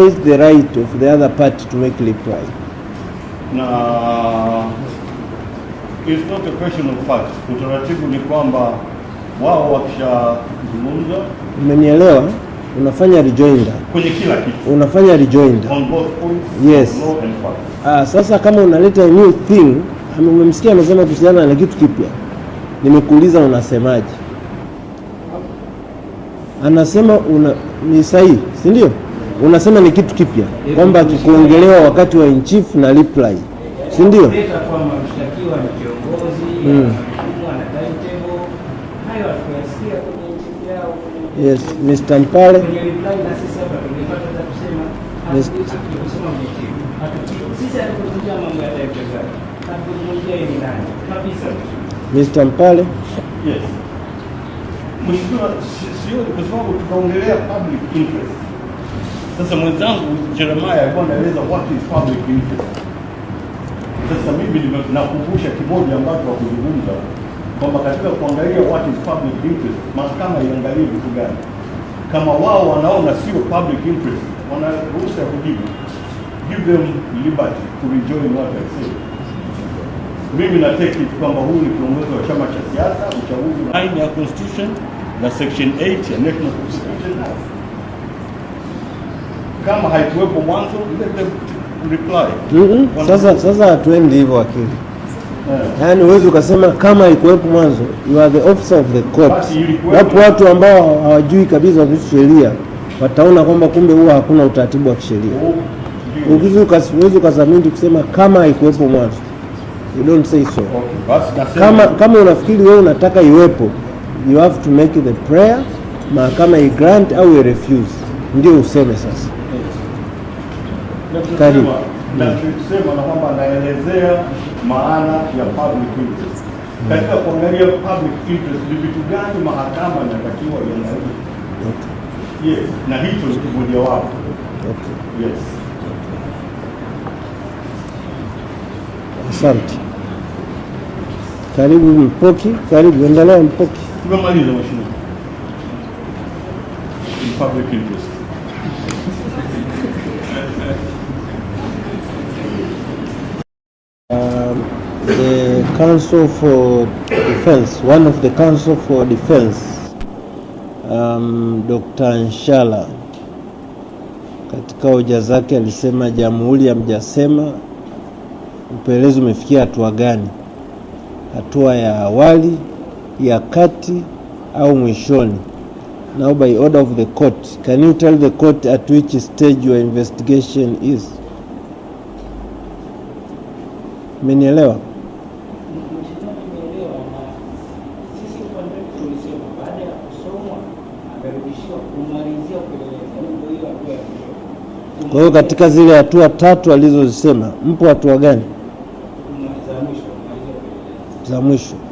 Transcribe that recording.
is the right of the other party to make reply. Na it's not a question of fact. Utaratibu ni kwamba wao wakishazungumza, umenielewa, unafanya rejoinder kwenye kila kitu, unafanya rejoinder on both points, yes. Law and fact. Ah, sasa kama unaleta a new thing, umemsikia anasema kuhusiana na kitu kipya, nimekuuliza unasemaje? Anasema una ni sahihi, si ndio? unasema ni kitu kipya kwamba kikuongelewa wakati wa in chief na reply, si ndio? Mm. Yes, Mr. Mpale Mr. Mr. Mpale yes. Mheshimiwa, sio kwa sababu tunaongelea public interest sasa mwenzangu Jeremiah alikuwa anaeleza what is public interest. Sasa mimi nakumbusha kimoja ambacho wakuzungumza kwamba katika kuangalia what is public interest, mahakama iangalie vitu gani. Kama wao wanaona sio public interest, wana ruhusa ya kujibu, give them liberty to rejoin what they say. Mimi na take it kwamba huu ni kiongozi wa chama cha siasa, uchaguzi ya constitution na section 8 ya national constitution kama haikuwepo mwanzo reply. Mm -hmm. Sasa sasa hatuendi hivyo akili. Yeah. Yaani huwezi ukasema kama haikuwepo mwanzo, you are the officer of the court. Wapo watu ambao hawajui kabisa vitu sheria wataona kwamba kumbe huwa hakuna utaratibu wa kisheria. Oh, huwezi ukasubmiti kusema kama haikuwepo mwanzo. You don't say so. Okay. Kama, kama unafikiri wewe unataka iwepo, you have to make the prayer, mahakama i grant au i refuse, ndio useme sasa. Karibu. Na na kwamba anaelezea maana ya public interest. Hmm. Katika kuangalia public interest ni vitu gani mahakama inatakiwa iangalie? Yes, na hicho ni kimoja wapo. Yes. Asante. Karibu Mpoki, karibu endelea Mpoki. Tumemaliza mheshimiwa. Public interest. Um, the Council for Defense, one of the Council for Defense, um, Dr. Nshala katika hoja zake alisema jamhuri amjasema upelelezi umefikia hatua gani, hatua ya awali, ya kati au mwishoni? Now by order of the court, can you tell the court at which stage your investigation is? Mmenielewa? Kwa hiyo katika zile hatua tatu alizozisema, mpo hatua gani za mwisho?